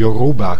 Yoruba